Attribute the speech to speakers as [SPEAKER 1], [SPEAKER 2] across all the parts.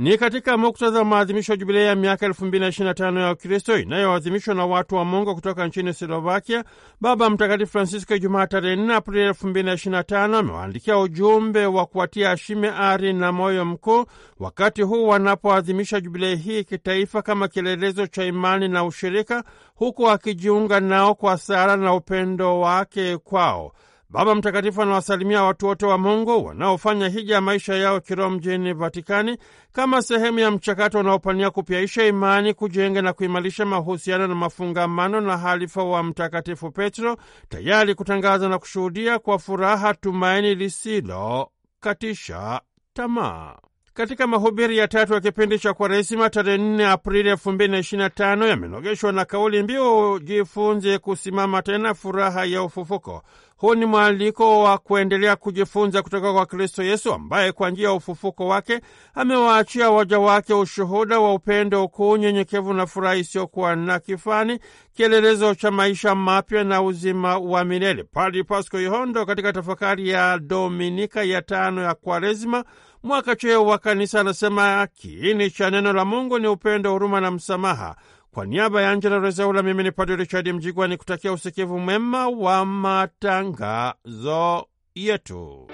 [SPEAKER 1] Ni katika muktadha wa maadhimisho ya jubilei ya miaka 2025 ya Ukristo inayoadhimishwa na watu wa Mungu kutoka nchini Slovakia, Baba Mtakatifu Francisco Ijumaa tarehe 4 Aprili 2025 amewaandikia ujumbe wa kuwatia shime ari na moyo mkuu wakati huu wanapoadhimisha jubilei hii kitaifa kama kielelezo cha imani na ushirika, huku akijiunga nao kwa sala na upendo wake kwao. Baba Mtakatifu anawasalimia watu wote wa Mungu wanaofanya hija ya maisha yao kiroho mjini Vatikani kama sehemu ya mchakato unaopania kupyaisha imani, kujenga na kuimarisha mahusiano na mafungamano na halifa wa Mtakatifu Petro, tayari kutangaza na kushuhudia kwa furaha tumaini lisilo katisha tamaa. Katika mahubiri ya tatu ya kipindi cha Kwaresima tarehe 4 Aprili 2025 yamenogeshwa na kauli mbiu jifunze kusimama tena, furaha ya ufufuko. Huu ni mwaliko wa kuendelea kujifunza kutoka kwa Kristo Yesu ambaye kwa njia ya ufufuko wake amewaachia waja wake ushuhuda wa upendo ukuu, nyenyekevu na furaha isiyokuwa na kifani, kielelezo cha maisha mapya na uzima wa milele. padi pasco Yohondo katika tafakari ya Dominika ya tano ya Kwaresima mwaka cheo wa Kanisa anasema kiini cha neno la Mungu ni upendo, huruma na msamaha. Kwa niaba ya Angela Rezaula, mimi ni Padre Richard Mjigwa ni kutakia usikivu mwema wa matangazo yetu.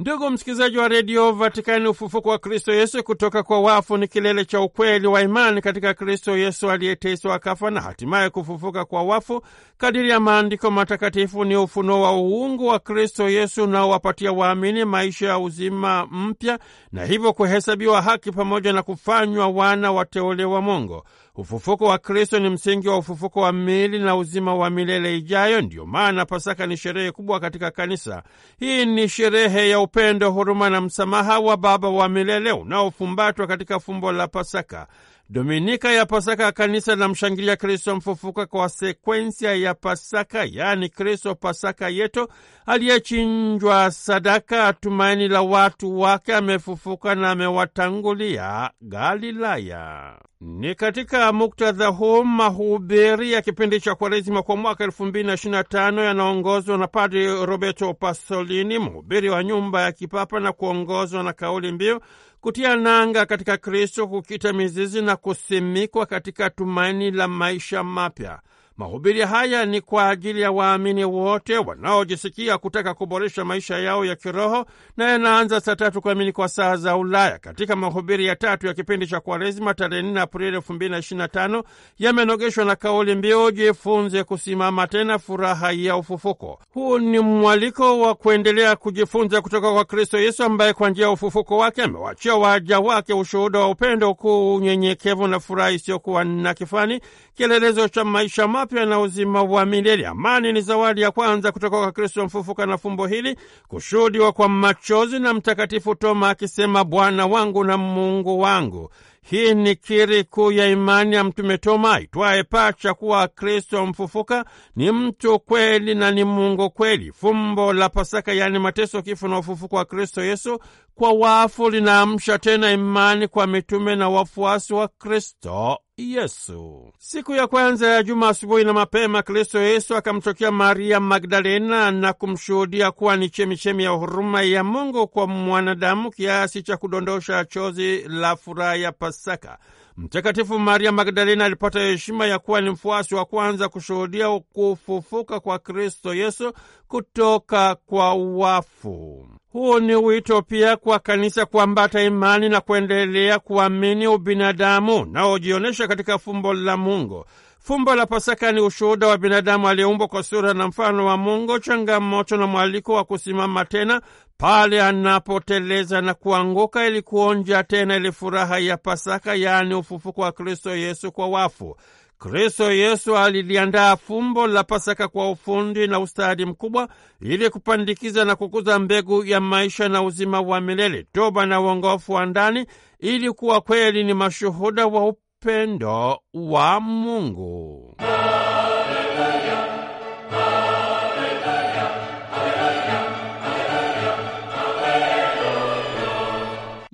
[SPEAKER 1] Ndugu msikilizaji wa redio Vatikani, ufufuko wa Kristo Yesu kutoka kwa wafu ni kilele cha ukweli wa imani katika Kristo Yesu aliyeteswa akafa na hatimaye kufufuka kwa wafu. Kadiri ya maandiko matakatifu, ni ufunuo wa uungu wa Kristo Yesu unaowapatia waamini maisha ya uzima mpya, na hivyo kuhesabiwa haki pamoja na kufanywa wana wateule wa Mungu. Ufufuko wa Kristo ni msingi wa ufufuko wa miili na uzima wa milele ijayo. Ndiyo maana Pasaka ni sherehe kubwa katika Kanisa. Hii ni sherehe ya upendo, huruma na msamaha wa Baba wa milele unaofumbatwa katika fumbo la Pasaka. Dominika ya Pasaka, ya kanisa linamshangilia Kristo mfufuka kwa sekwensia ya Pasaka, yaani Kristo Pasaka yetu aliyechinjwa sadaka, tumaini la watu wake, amefufuka na amewatangulia Galilaya. Ni katika muktadha huu mahubiri ya kipindi cha Kwaresima kwa mwaka elfu mbili na ishirini na tano yanaongozwa na Padri Roberto Pasolini, mhubiri wa nyumba ya kipapa na kuongozwa na kauli mbiu kutia nanga katika Kristo, kukita mizizi na kusimikwa katika tumaini la maisha mapya. Mahubiri haya ni kwa ajili ya waamini wote wanaojisikia kutaka kuboresha maisha yao ya kiroho na yanaanza saa tatu kamili kwa saa za Ulaya. Katika mahubiri ya tatu ya kipindi cha Kwaresima tarehe 4 Aprili 2025 yamenogeshwa na kauli mbiu jifunze kusimama tena, furaha ya ufufuko. Huu ni mwaliko wa kuendelea kujifunza kutoka kwa Kristo Yesu ambaye kwa njia ya ufufuko wake amewachia waja wake ushuhuda wa upendo, kuu unyenyekevu na furaha isiyokuwa na kifani, kielelezo cha maisha mapya mapya na uzima wa milele. Amani ni zawadi ya kwanza kutoka kwa Kristo mfufuka, na fumbo hili kushuhudiwa kwa machozi na Mtakatifu Toma akisema, Bwana wangu na Mungu wangu. Hii ni kiri kuu ya imani ya Mtume Toma itwaye Pacha kuwa Kristo mfufuka ni mtu kweli na ni Mungu kweli. Fumbo la Pasaka, yaani mateso, kifo na ufufuko wa Kristo Yesu kwa wafu, linaamsha tena imani kwa mitume na wafuasi wa Kristo Yesu. Siku ya kwanza ya juma asubuhi na mapema, Kristo Yesu akamtokea Maria Magdalena na kumshuhudia kuwa ni chemichemi ya huruma ya Mungu kwa mwanadamu kiasi cha kudondosha chozi la furaha ya Pasaka. Mtakatifu Maria Magdalena alipata heshima ya kuwa ni mfuasi wa kwanza kushuhudia kufufuka kwa Kristo Yesu kutoka kwa wafu. Huu ni wito pia kwa kanisa kuambata imani na kuendelea kuamini ubinadamu naojionyesha katika fumbo la Mungu. Fumbo la Pasaka ni ushuhuda wa binadamu aliyeumbwa kwa sura na mfano wa Mungu, changamoto na mwaliko wa kusimama tena pale anapoteleza na kuanguka, ili kuonja tena ile furaha ya Pasaka, yaani ufufuko wa Kristo Yesu kwa wafu. Kristo Yesu aliliandaa fumbo la Pasaka kwa ufundi na ustadi mkubwa ili kupandikiza na kukuza mbegu ya maisha na uzima wa milele, toba na uongofu wa ndani, ili kuwa kweli ni mashuhuda wa upendo wa Mungu.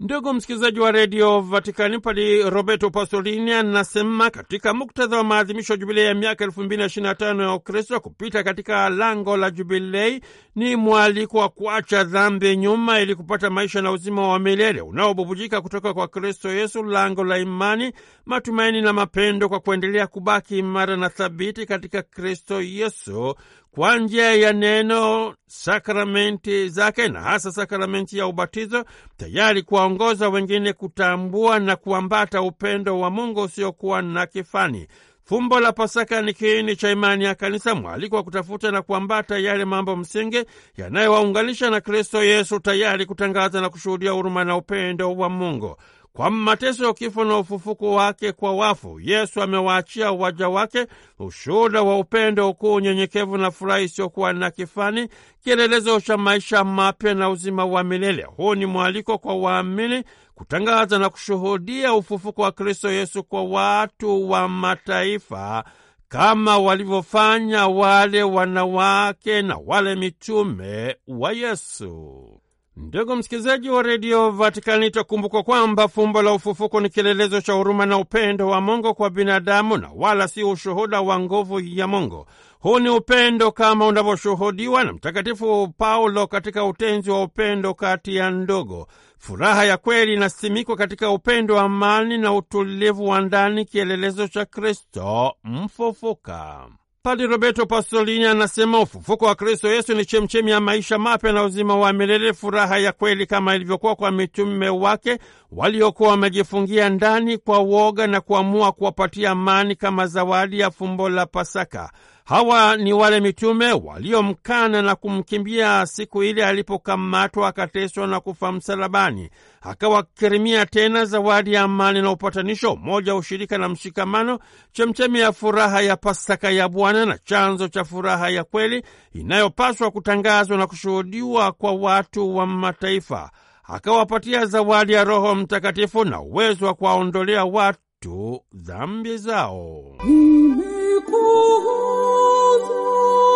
[SPEAKER 1] Ndugu msikilizaji wa redio Vatikani, Padi Roberto Pasolini anasema katika muktadha wa maadhimisho ya jubilei ya miaka elfu mbili na tano ya Ukristo, kupita katika lango la jubilei ni mwaliko wa kuacha dhambi nyuma ili kupata maisha na uzima wa milele unaobubujika kutoka kwa Kristo Yesu, lango la imani, matumaini na mapendo, kwa kuendelea kubaki imara na thabiti katika Kristo Yesu kwa njia ya neno, sakramenti zake na hasa sakramenti ya ubatizo, tayari kuwaongoza wengine kutambua na kuambata upendo wa Mungu usiokuwa na kifani. Fumbo la Pasaka ni kiini cha imani ya Kanisa, mwaliko wa kutafuta na kuambata yale mambo msingi yanayowaunganisha na Kristo Yesu, tayari kutangaza na kushuhudia huruma na upendo wa Mungu. Kwa mateso, kifo na ufufuko wake kwa wafu, Yesu amewaachia waja wake ushuhuda wa upendo, ukuu, unyenyekevu na furaha isiyokuwa na kifani, kielelezo cha maisha mapya na uzima wa milele. Huu ni mwaliko kwa waamini kutangaza na kushuhudia ufufuko wa Kristo Yesu kwa watu wa mataifa kama walivyofanya wale wanawake na wale mitume wa Yesu. Ndugu msikilizaji wa redio Vatikani, itakumbukwa kwamba fumbo la ufufuko ni kielelezo cha huruma na upendo wa Mungu kwa binadamu na wala si ushuhuda wa nguvu ya Mungu. Huu ni upendo kama unavyoshuhudiwa na Mtakatifu Paulo katika utenzi wa upendo kati ya ndugu. Furaha ya kweli inasimikwa katika upendo, amani na utulivu wa ndani, kielelezo cha Kristo mfufuka. Padre Roberto Pasolini anasema ufufuko wa Kristo Yesu ni chemchemi ya maisha mapya na uzima wa milele, furaha ya kweli, kama ilivyokuwa kwa mitume wake waliokuwa wamejifungia ndani kwa woga na kuamua kuwapatia amani kama zawadi ya fumbo la Pasaka. Hawa ni wale mitume waliomkana na kumkimbia siku ile alipokamatwa akateswa na kufa msalabani, akawakirimia tena zawadi ya amani na upatanisho, umoja, ushirika na mshikamano, chemchemi ya furaha ya Pasaka ya Bwana na chanzo cha furaha ya kweli inayopaswa kutangazwa na kushuhudiwa kwa watu wa mataifa. Akawapatia zawadi ya Roho Mtakatifu na uwezo wa kuwaondolea watu watu dhambi zao.
[SPEAKER 2] Nimekuza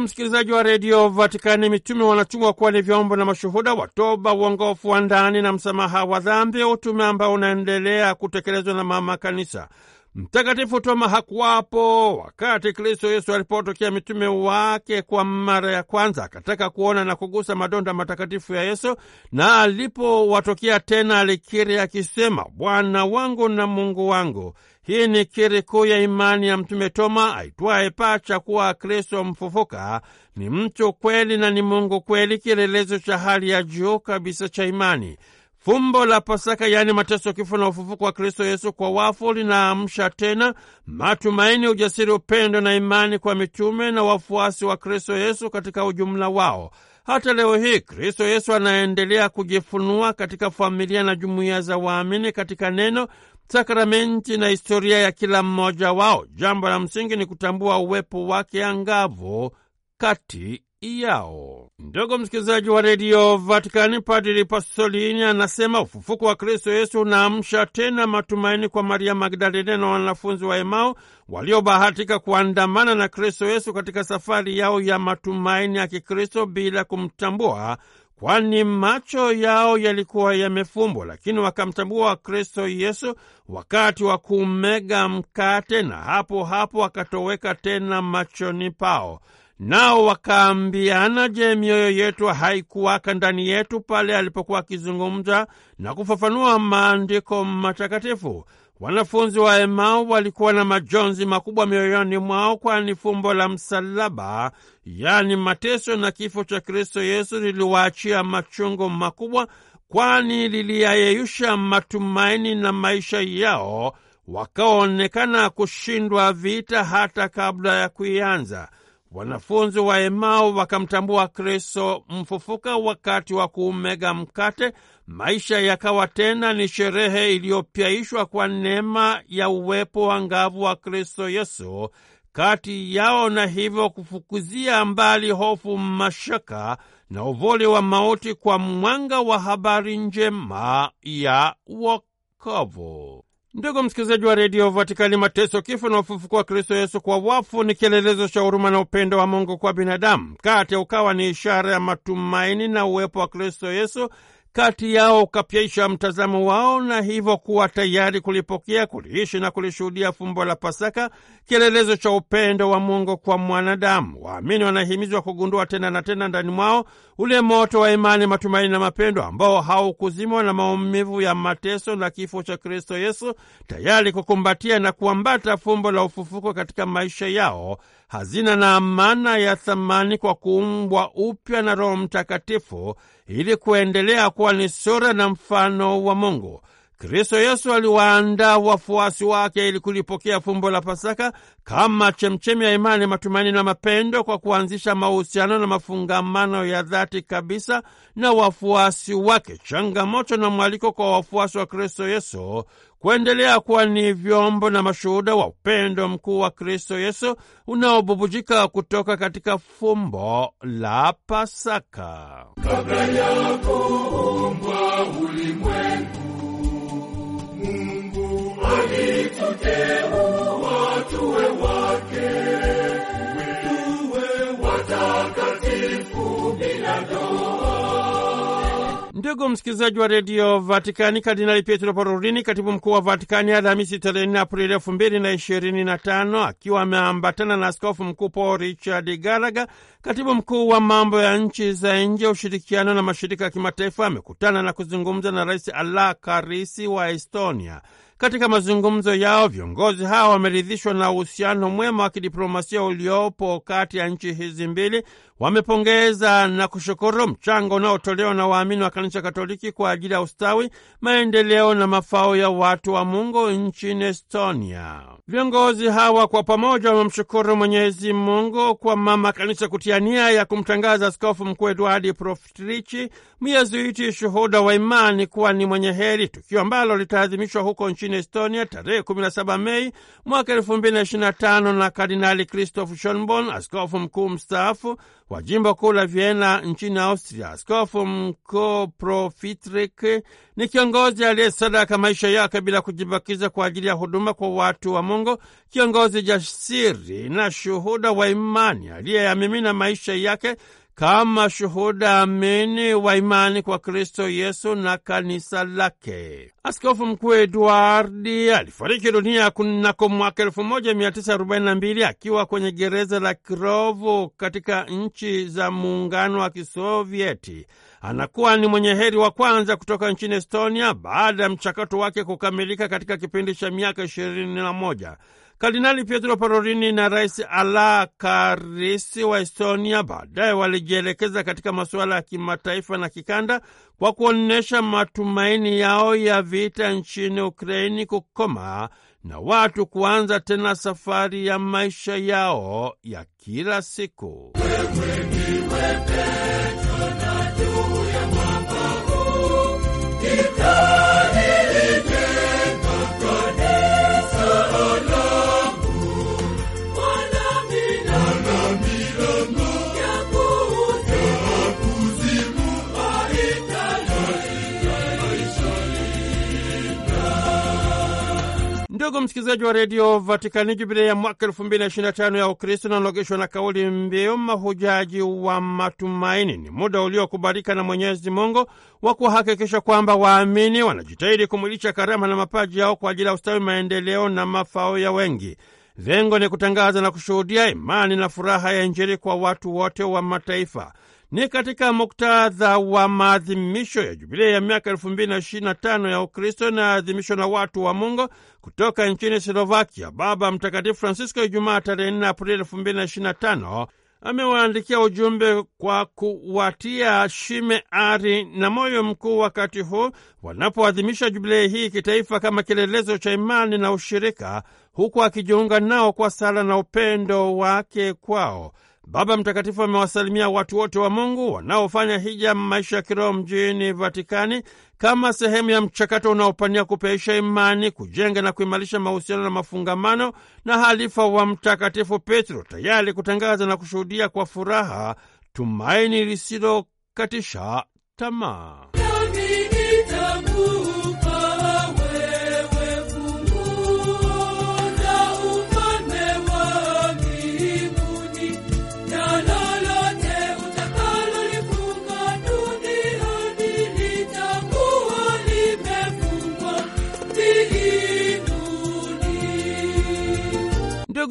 [SPEAKER 1] msikilizaji wa redio Vatikani, mitume wanatumwa kuwa ni vyombo na mashuhuda wa toba, uongofu wa ndani na msamaha wa dhambi, utume ambao unaendelea kutekelezwa na mama Kanisa. Mtakatifu Toma hakuwapo wakati Kristo Yesu alipotokea mitume wake kwa mara ya kwanza, akataka kuona na kugusa madonda matakatifu ya Yesu, na alipowatokea tena alikiri akisema, Bwana wangu na Mungu wangu. Hii ni kiri kuu ya imani ya Mtume Toma aitwaye Pacha kuwa Kristo mfufuka ni mtu kweli na ni Mungu kweli, kielelezo cha hali ya juu kabisa cha imani. Fumbo la Pasaka, yaani mateso, kifo na ufufuko wa Kristo Yesu kwa wafu, linaamsha tena matumaini, ujasiri, upendo na imani kwa mitume na wafuasi wa Kristo Yesu katika ujumla wao. Hata leo hii Kristo Yesu anaendelea kujifunua katika familia na jumuiya za waamini katika neno sakramenti na historia ya kila mmoja wao. Jambo la msingi ni kutambua uwepo wake angavu kati yao. Ndugu msikilizaji wa redio Vatikani, Padri Pasolini anasema ufufuko wa Kristo Yesu unaamsha tena matumaini kwa Maria Magdalena na wanafunzi wa Emau waliobahatika kuandamana na Kristo Yesu katika safari yao ya matumaini ya Kikristo bila kumtambua kwani macho yao yalikuwa yamefumbwa, lakini wakamtambua Kristo Yesu wakati wa kumega mkate, na hapo hapo akatoweka tena machoni pao. Nao wakaambiana, je, mioyo yetu haikuwaka ndani yetu pale alipokuwa akizungumza na kufafanua maandiko matakatifu? Wanafunzi wa Emau walikuwa na majonzi makubwa mioyoni mwao, kwani fumbo la msalaba, yaani mateso na kifo cha Kristo Yesu, liliwaachia machungu makubwa, kwani liliyayeyusha matumaini na maisha yao, wakaonekana kushindwa vita hata kabla ya kuianza. Wanafunzi wa Emau wakamtambua Kristo mfufuka wakati wa kuumega mkate maisha yakawa tena ni sherehe iliyopyaishwa kwa neema ya uwepo wa ngavu wa Kristo Yesu kati yao, na hivyo kufukuzia mbali hofu, mashaka na uvuli wa mauti kwa mwanga wa habari njema ya wokovu. Ndugu msikilizaji wa redio Vatikani, mateso, kifo na ufufuko wa Kristo Yesu kwa wafu ni kielelezo cha huruma na upendo wa Mungu kwa binadamu. Mkate ukawa ni ishara ya matumaini na uwepo wa Kristo Yesu kati yao ukapyaisha mtazamo wao na hivyo kuwa tayari kulipokea, kuliishi na kulishuhudia fumbo la Pasaka, kielelezo cha upendo wa Mungu kwa mwanadamu. Waamini wanahimizwa kugundua tena na tena ndani mwao ule moto wa imani, matumaini na mapendo ambao haukuzimwa na maumivu ya mateso na kifo cha Kristo Yesu, tayari kukumbatia na kuambata fumbo la ufufuko katika maisha yao hazina na maana ya thamani kwa kuumbwa upya na Roho Mtakatifu ili kuendelea kuwa ni sura na mfano wa Mungu. Kristo Yesu aliwaandaa wafuasi wake ili kulipokea fumbo la Pasaka kama chemchemi ya imani, matumaini na mapendo, kwa kuanzisha mahusiano na mafungamano ya dhati kabisa na wafuasi wake. Changamoto na mwaliko kwa wafuasi wa Kristo Yesu kuendelea kuwa ni vyombo na mashuhuda wa upendo mkuu wa Kristo Yesu unaobubujika kutoka katika fumbo la Pasaka.
[SPEAKER 2] Kabla ya kuumbwa ulimwengu, Mungu alituteua tuwe wake, tuwe watakatifu
[SPEAKER 1] bila doa Ndugu msikilizaji wa redio Vatikani, Kardinali Pietro Parolini, katibu mkuu wa Vatikani, Alhamisi tarehe Aprili elfu mbili na ishirini na tano, akiwa ameambatana na askofu mkuu Paul Richard garaga katibu mkuu wa mambo ya nchi za nje, ushirikiano na mashirika ya kimataifa, amekutana na kuzungumza na Rais Ala Karisi wa Estonia. Katika mazungumzo yao viongozi hao wameridhishwa na uhusiano mwema wa kidiplomasia uliopo kati ya nchi hizi mbili. Wamepongeza na kushukuru mchango unaotolewa na waamini wa Kanisa Katoliki kwa ajili ya ustawi, maendeleo na mafao ya watu wa Mungu nchini Estonia. Viongozi hawa kwa pamoja wamemshukuru Mwenyezi Mungu kwa Mama Kanisa kutia nia ya kumtangaza Askofu Mkuu Edward Proftrichi, Myezuiti shuhuda wa imani, kuwa ni mwenye heri, tukio ambalo litaadhimishwa huko nchini nchini Estonia tarehe 17 Mei mwaka 2025 na Kardinali Christoph Schonborn, askofu mkuu mstaafu wa jimbo kuu la Vienna nchini Austria. Askofu mkuu Profitrik ni kiongozi aliyesadaka maisha yake bila kujibakiza kwa ajili ya huduma kwa watu wa Mungu, kiongozi jasiri na shuhuda wa imani aliyeyamimina maisha yake kama shuhuda amini wa imani kwa Kristo Yesu na kanisa lake. Askofu mkuu Edwardi alifariki dunia kunako mwaka 1942 akiwa kwenye gereza la kirovu katika nchi za muungano wa Kisovieti. Anakuwa ni mwenye heri wa kwanza kutoka nchini Estonia baada ya mchakato wake kukamilika katika kipindi cha miaka 21. Kardinali Pietro Parolini na Rais Ala Karisi wa Estonia baadaye walijielekeza katika masuala ya kimataifa na kikanda kwa kuonyesha matumaini yao ya vita nchini Ukraini kukoma na watu kuanza tena safari ya maisha yao ya kila siku.
[SPEAKER 2] Wewe ni wewe,
[SPEAKER 1] Ndugu msikilizaji wa redio Vatikani, jubilei ya mwaka elfu mbili na ishirini na tano ya Ukristo inaonogeshwa na kauli mbiu mahujaji wa matumaini. Ni muda uliokubalika na Mwenyezi Mungu wa kuhakikisha kwamba waamini wanajitahidi kumwilisha karama na mapaji yao kwa ajili ya ustawi, maendeleo na mafao ya wengi. Lengo ni kutangaza na kushuhudia imani na furaha ya Injili kwa watu wote wa mataifa. Ni katika muktadha wa maadhimisho ya jubilei ya miaka elfu mbili na ishirini na tano ya Ukristo inayoadhimishwa na watu wa Mungu kutoka nchini Slovakia, Baba Mtakatifu Francisco Ijumaa tarehe nne Aprili elfu mbili na ishirini na tano amewaandikia ujumbe kwa kuwatia shime, ari na moyo mkuu wakati huu wanapoadhimisha jubilei hii kitaifa kama kielelezo cha imani na ushirika, huku akijiunga nao kwa sala na upendo wake kwao. Baba Mtakatifu amewasalimia watu wote wa Mungu wanaofanya hija maisha ya kiroho mjini Vatikani kama sehemu ya mchakato unaopania kupeisha imani, kujenga na kuimarisha mahusiano na mafungamano na halifa wa Mtakatifu Petro, tayari kutangaza na kushuhudia kwa furaha tumaini lisilokatisha tamaa.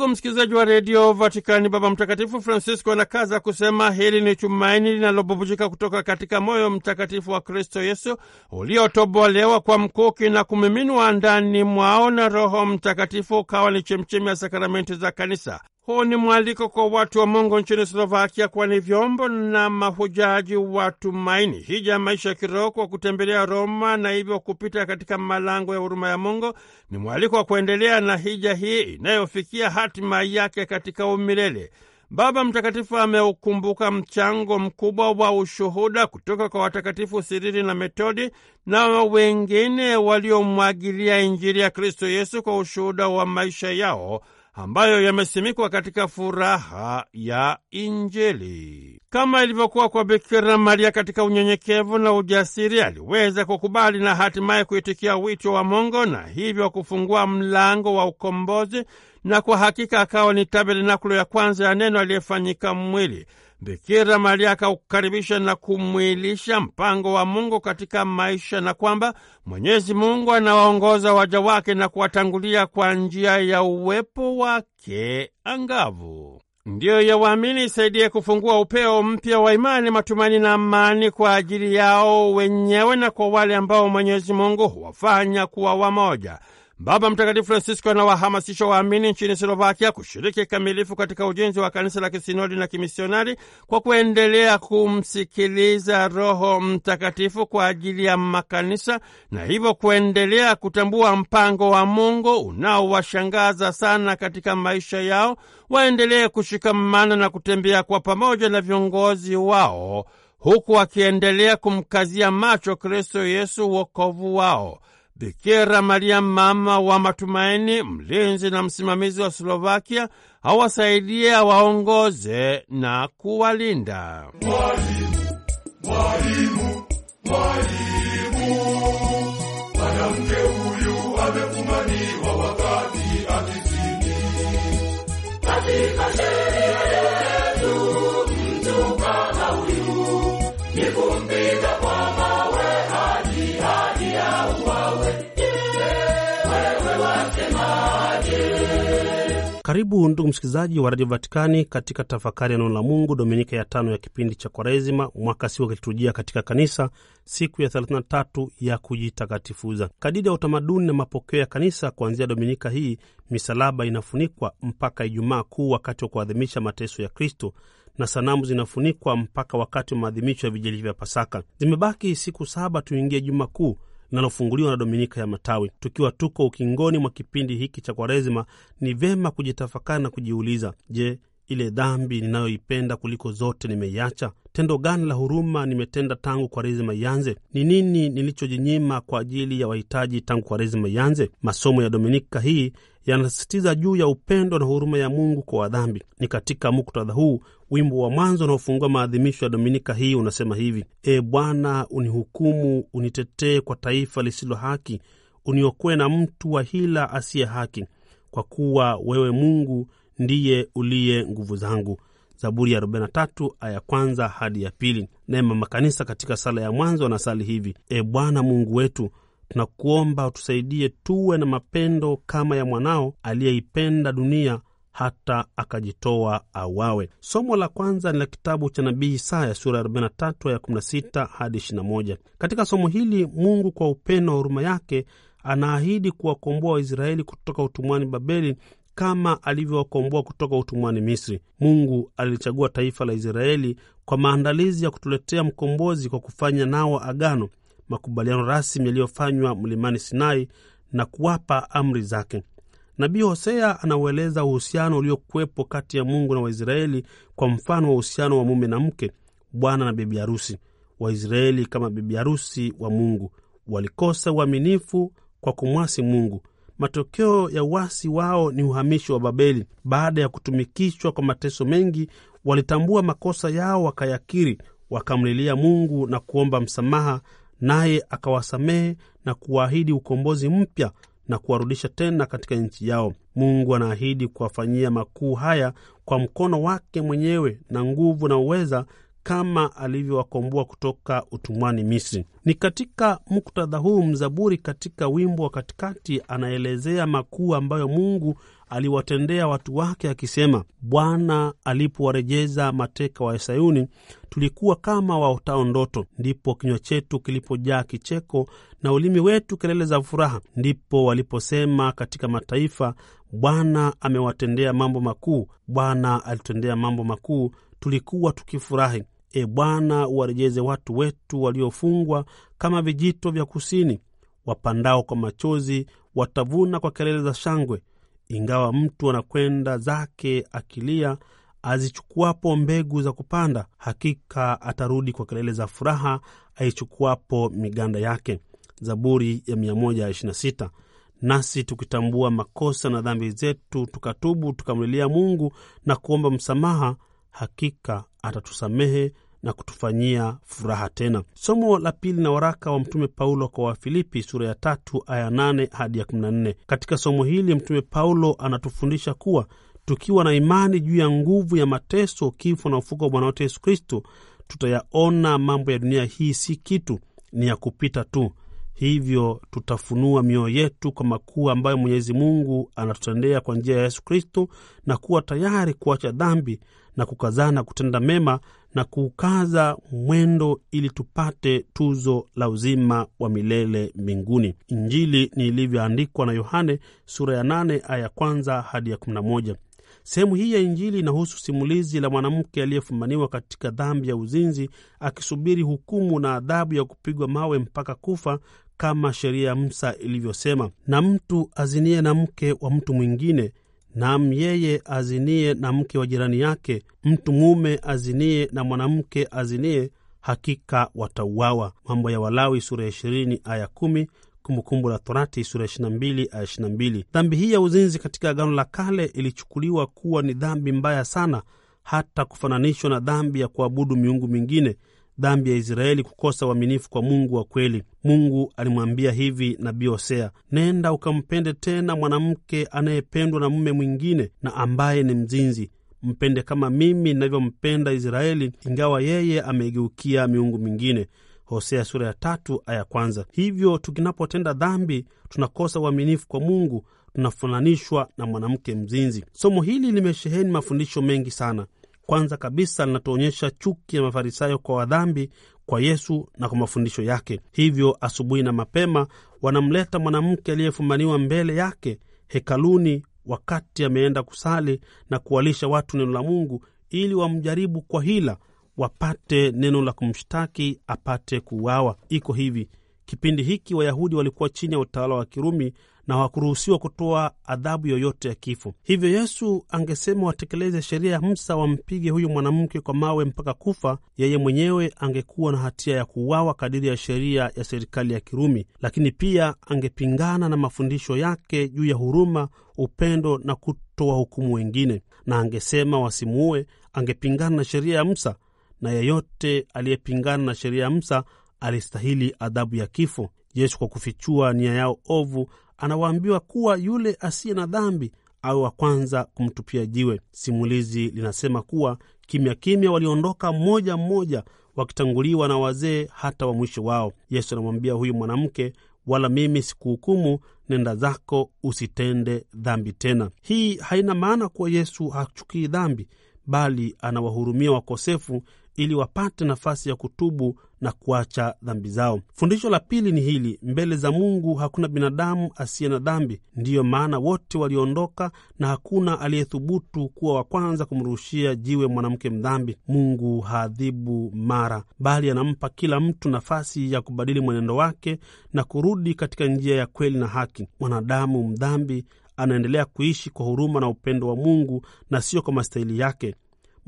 [SPEAKER 1] msikilizaji wa redio Vatikani, Baba Mtakatifu Francisco anakaza kusema hili ni tumaini linalobubujika kutoka katika moyo mtakatifu wa Kristo Yesu uliotobolewa kwa mkuki na kumiminwa ndani mwao na Roho Mtakatifu ukawa ni chemchemi ya sakramenti za Kanisa. Huu ni mwaliko kwa watu wa Mungu nchini Slovakia, kwani vyombo na mahujaji wa tumaini hija ya maisha ya kiroho kwa kutembelea Roma na hivyo kupita katika malango ya huruma ya Mungu. Ni mwaliko wa kuendelea na hija hii inayofikia hatima yake katika umilele. Baba Mtakatifu ameukumbuka mchango mkubwa wa ushuhuda kutoka kwa watakatifu Sirili na Metodi na wengine waliomwagilia Injili ya Kristo Yesu kwa ushuhuda wa maisha yao ambayo yamesimikwa katika furaha ya Injili. Kama ilivyokuwa kwa Bikira Maria, katika unyenyekevu na ujasiri aliweza kukubali na hatimaye kuitikia wito wa Mungu na hivyo kufungua mlango wa ukombozi, na kwa hakika akawa ni tabernakulo ya kwanza ya Neno aliyefanyika mwili. Bikira Maria akaukaribisha na kumwilisha mpango wa Mungu katika maisha, na kwamba Mwenyezi Mungu anawaongoza waja wake na kuwatangulia kwa njia ya uwepo
[SPEAKER 3] wake
[SPEAKER 1] angavu. Ndiyo yawaamini isaidie kufungua upeo mpya wa imani, matumaini na amani kwa ajili yao wenyewe na kwa wale ambao Mwenyezi Mungu huwafanya kuwa wamoja. Baba Mtakatifu Francisco anawahamasisha waamini nchini Slovakia kushiriki kikamilifu katika ujenzi wa kanisa la kisinodi na kimisionari kwa kuendelea kumsikiliza Roho Mtakatifu kwa ajili ya makanisa na hivyo kuendelea kutambua mpango wa Mungu unaowashangaza sana katika maisha yao. Waendelee kushikamana na kutembea kwa pamoja na viongozi wao huku wakiendelea kumkazia macho Kristo Yesu, wokovu wao. Bikira Maria, mama wa matumaini, mlinzi na msimamizi wa Slovakia, awasaidie, awaongoze na kuwalinda. Mwalimu, mwalimu, mwalimu.
[SPEAKER 3] Karibu ndugu msikilizaji wa Radio Vatikani katika tafakari ya neno la Mungu, dominika ya tano ya kipindi cha Kwaresima, mwaka si wa kiliturujia katika kanisa, siku ya 33 ya kujitakatifuza. Kadiri ya utamaduni na mapokeo ya kanisa, kuanzia dominika hii misalaba inafunikwa mpaka Ijumaa Kuu, wakati wa kuadhimisha mateso ya Kristo, na sanamu zinafunikwa mpaka wakati wa maadhimisho ya vijeli vya Pasaka. Zimebaki siku saba tuingie Juma Kuu linalofunguliwa na Dominika ya Matawi. Tukiwa tuko ukingoni mwa kipindi hiki cha Kwaresima, ni vema kujitafakari na kujiuliza, je, ile dhambi ninayoipenda kuliko zote nimeiacha? Tendo gani la huruma nimetenda tangu Kwaresima ianze? Ni nini nilichojinyima kwa ajili ya wahitaji tangu Kwaresima ianze? Masomo ya Dominika hii yanasisitiza juu ya upendo na huruma ya Mungu kwa wadhambi. Ni katika muktadha huu wimbo wa mwanzo unaofungua maadhimisho ya dominika hii unasema hivi: E Bwana, unihukumu, unitetee kwa taifa lisilo haki, uniokoe na mtu wa hila asiye haki, kwa kuwa wewe Mungu ndiye uliye nguvu zangu. Zaburi ya 43 aya kwanza hadi ya pili. Naye mama kanisa katika sala ya mwanzo anasali hivi: E Bwana Mungu wetu Tunakuomba utusaidie tuwe na mapendo kama ya mwanao aliyeipenda dunia hata akajitoa awawe. Somo la kwanza ni la kitabu cha nabii Isaya sura 43 ya 16 hadi 21. Katika somo hili Mungu kwa upendo wa huruma yake anaahidi kuwakomboa Waisraeli kutoka utumwani Babeli kama alivyowakomboa kutoka utumwani Misri. Mungu alilichagua taifa la Israeli kwa maandalizi ya kutuletea mkombozi kwa kufanya nao agano makubaliano rasmi yaliyofanywa mlimani Sinai na kuwapa amri zake. Nabii Hosea anaueleza uhusiano uliokuwepo kati ya Mungu na Waisraeli kwa mfano wa uhusiano wa mume na mke, bwana na bibi harusi. Waisraeli kama bibi harusi wa Mungu walikosa uaminifu kwa kumwasi Mungu. Matokeo ya uasi wao ni uhamisho wa Babeli. Baada ya kutumikishwa kwa mateso mengi, walitambua makosa yao, wakayakiri, wakamlilia Mungu na kuomba msamaha naye akawasamehe na kuwaahidi ukombozi mpya na kuwarudisha tena katika nchi yao. Mungu anaahidi kuwafanyia makuu haya kwa mkono wake mwenyewe na nguvu na uweza kama alivyowakomboa kutoka utumwani Misri. Ni katika muktadha huu mzaburi katika wimbo wa katikati anaelezea makuu ambayo Mungu aliwatendea watu wake akisema, Bwana alipowarejeza mateka wa Sayuni tulikuwa kama waotao ndoto, ndipo kinywa chetu kilipojaa kicheko na ulimi wetu kelele za furaha. Ndipo waliposema katika mataifa, Bwana amewatendea mambo makuu, Bwana alitendea mambo makuu, tulikuwa tukifurahi. E Bwana, uwarejeze watu wetu waliofungwa kama vijito vya kusini. Wapandao kwa machozi watavuna kwa kelele za shangwe. Ingawa mtu anakwenda zake akilia azichukuapo mbegu za kupanda, hakika atarudi kwa kelele za furaha aichukuapo miganda yake. Zaburi ya 126. Nasi tukitambua makosa na dhambi zetu, tukatubu, tukamlilia Mungu na kuomba msamaha, hakika atatusamehe na kutufanyia furaha tena. Somo la pili na waraka wa Mtume Paulo kwa Wafilipi sura ya tatu aya nane hadi ya kumi na nne. Katika somo hili Mtume Paulo anatufundisha kuwa tukiwa na imani juu ya nguvu ya mateso, kifo na ufuko wa Bwana wetu Yesu Kristo, tutayaona mambo ya dunia hii si kitu, ni ya kupita tu, Hivyo tutafunua mioyo yetu kwa makuu ambayo Mwenyezi Mungu anatutendea kwa njia ya Yesu Kristo na kuwa tayari kuacha dhambi na kukazana kutenda mema na kuukaza mwendo ili tupate tuzo la uzima wa milele mbinguni. Injili ni ilivyoandikwa na Yohane sura ya 8 aya ya kwanza hadi ya 11. Sehemu hii ya Injili inahusu simulizi la mwanamke aliyefumaniwa katika dhambi ya uzinzi akisubiri hukumu na adhabu ya kupigwa mawe mpaka kufa kama sheria ya Musa ilivyosema, na mtu azinie na mke wa mtu mwingine, nam yeye azinie na mke wa jirani yake, mtu mume azinie na mwanamke azinie, hakika watauawa. Mambo ya Walawi sura ya 20 aya 10, Kumbukumbu la Torati sura ya 22 aya 22. Dhambi hii ya uzinzi katika Agano la Kale ilichukuliwa kuwa ni dhambi mbaya sana, hata kufananishwa na dhambi ya kuabudu miungu mingine dhambi ya Israeli kukosa uaminifu kwa Mungu wa kweli. Mungu alimwambia hivi nabii Hosea, nenda ukampende tena mwanamke anayependwa na mume mwingine na ambaye ni mzinzi, mpende kama mimi ninavyompenda Israeli, ingawa yeye ameigeukia miungu mingine. Hosea sura ya tatu aya kwanza. Hivyo tukinapotenda dhambi tunakosa uaminifu kwa Mungu, tunafananishwa na mwanamke mzinzi. Somo hili limesheheni mafundisho mengi sana kwanza kabisa linatuonyesha chuki ya Mafarisayo kwa wadhambi, kwa Yesu na kwa mafundisho yake. Hivyo asubuhi na mapema wanamleta mwanamke aliyefumaniwa mbele yake hekaluni wakati ameenda kusali na kuwalisha watu neno la Mungu ili wamjaribu kwa hila, wapate neno la kumshtaki apate kuuawa. Iko hivi: Kipindi hiki Wayahudi walikuwa chini ya utawala wa Kirumi na hawakuruhusiwa kutoa adhabu yoyote ya kifo. Hivyo Yesu angesema watekeleze sheria ya Musa, wampige huyu mwanamke kwa mawe mpaka kufa, yeye mwenyewe angekuwa na hatia ya kuuawa kadiri ya sheria ya serikali ya Kirumi, lakini pia angepingana na mafundisho yake juu ya huruma, upendo na kutoa hukumu wengine, na angesema wasimuue. Angepingana na sheria ya Musa, na yeyote aliyepingana na sheria ya Musa alistahili adhabu ya kifo. Yesu kwa kufichua nia yao ovu, anawaambiwa kuwa yule asiye na dhambi awe wa kwanza kumtupia jiwe. Simulizi linasema kuwa kimya kimya waliondoka mmoja mmoja, wakitanguliwa na wazee hata wa mwisho wao. Yesu anamwambia huyu mwanamke, wala mimi sikuhukumu, nenda zako, usitende dhambi tena. Hii haina maana kuwa Yesu hachukii dhambi, bali anawahurumia wakosefu ili wapate nafasi ya kutubu na kuacha dhambi zao. Fundisho la pili ni hili: mbele za Mungu hakuna binadamu asiye na dhambi. Ndiyo maana wote waliondoka, na hakuna aliyethubutu kuwa wa kwanza kumrushia jiwe mwanamke mdhambi. Mungu haadhibu mara, bali anampa kila mtu nafasi ya kubadili mwenendo wake na kurudi katika njia ya kweli na haki. Mwanadamu mdhambi anaendelea kuishi kwa huruma na upendo wa Mungu na sio kwa mastahili yake.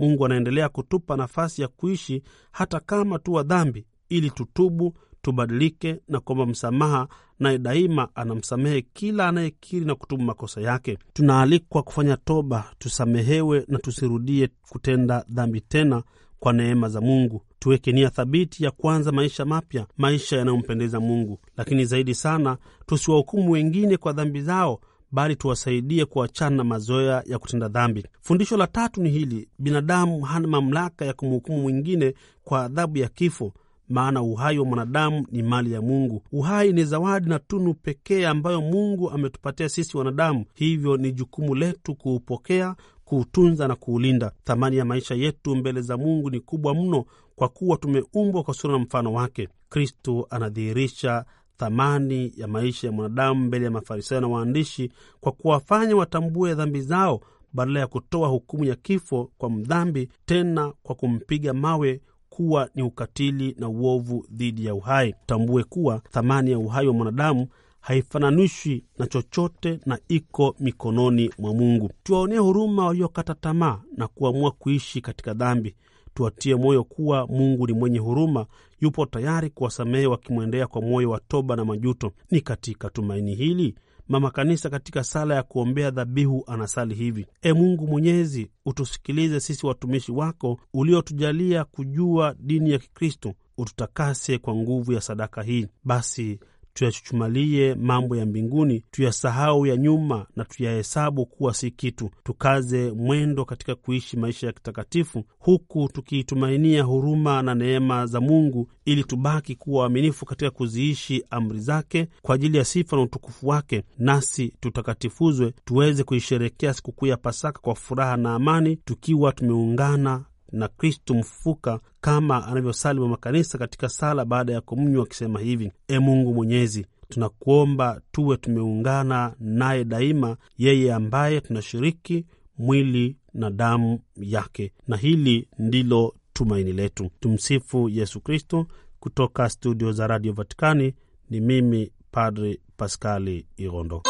[SPEAKER 3] Mungu anaendelea kutupa nafasi ya kuishi hata kama tuwa dhambi, ili tutubu, tubadilike na kuomba msamaha, naye daima anamsamehe kila anayekiri na kutubu makosa yake. Tunaalikwa kufanya toba, tusamehewe na tusirudie kutenda dhambi tena. Kwa neema za Mungu tuweke nia thabiti ya kuanza maisha mapya, maisha yanayompendeza Mungu. Lakini zaidi sana, tusiwahukumu wengine kwa dhambi zao, bali tuwasaidie kuachana na mazoea ya kutenda dhambi. Fundisho la tatu ni hili: binadamu hana mamlaka ya kumhukumu mwingine kwa adhabu ya kifo, maana uhai wa mwanadamu ni mali ya Mungu. Uhai ni zawadi na tunu pekee ambayo Mungu ametupatia sisi wanadamu, hivyo ni jukumu letu kuupokea, kuutunza na kuulinda. Thamani ya maisha yetu mbele za Mungu ni kubwa mno, kwa kuwa tumeumbwa kwa sura na mfano wake. Kristo anadhihirisha thamani ya maisha ya mwanadamu mbele ya Mafarisayo na waandishi kwa kuwafanya watambue dhambi zao badala ya kutoa hukumu ya kifo kwa mdhambi, tena kwa kumpiga mawe kuwa ni ukatili na uovu dhidi ya uhai. Tambue kuwa thamani ya uhai wa mwanadamu haifananishwi na chochote na iko mikononi mwa Mungu. Tuwaonee huruma waliokata tamaa na kuamua kuishi katika dhambi tuwatie moyo kuwa Mungu ni mwenye huruma, yupo tayari kuwasamehe wakimwendea kwa moyo wa toba na majuto. Ni katika tumaini hili Mama Kanisa katika sala ya kuombea dhabihu anasali hivi: E Mungu Mwenyezi, utusikilize sisi watumishi wako uliotujalia kujua dini ya Kikristo, ututakase kwa nguvu ya sadaka hii. Basi tuyachuchumalie mambo ya mbinguni, tuyasahau ya nyuma na tuyahesabu kuwa si kitu. Tukaze mwendo katika kuishi maisha ya kitakatifu, huku tukiitumainia huruma na neema za Mungu, ili tubaki kuwa waaminifu katika kuziishi amri zake kwa ajili ya sifa na utukufu wake, nasi tutakatifuzwe, tuweze kuisherekea sikukuu ya Pasaka kwa furaha na amani, tukiwa tumeungana na Kristu mfufuka, kama anavyosali mama makanisa katika sala baada ya kumnywa akisema hivi: E Mungu Mwenyezi, tunakuomba tuwe tumeungana naye daima, yeye ambaye tunashiriki mwili na damu yake, na hili ndilo tumaini letu. Tumsifu Yesu Kristo. Kutoka studio za Radio Vatikani ni mimi Padri Paskali Irondo.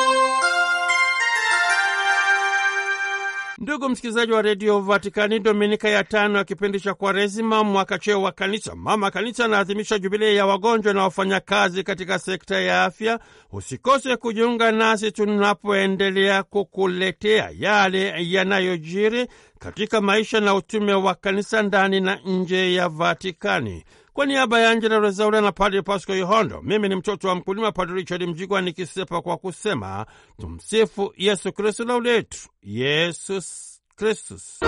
[SPEAKER 3] Ndugu msikilizaji wa redio Vatikani,
[SPEAKER 1] dominika ya tano ya kipindi cha Kwaresima mwaka cheo wa kanisa mama kanisa anaadhimisha jubilei ya wagonjwa na wafanyakazi katika sekta ya afya. Usikose kujiunga nasi tunapoendelea kukuletea yale yanayojiri katika maisha na utume wa kanisa ndani na nje ya Vatikani. Kwa niaba ya Angela Rezaula na Padri Pasco Yohondo, mimi ni mtoto wa mkulima Padri Richard Mjigwa nikisepa kwa kusema tumsifu Yesu Kristu, lauletu Yesus Kristus.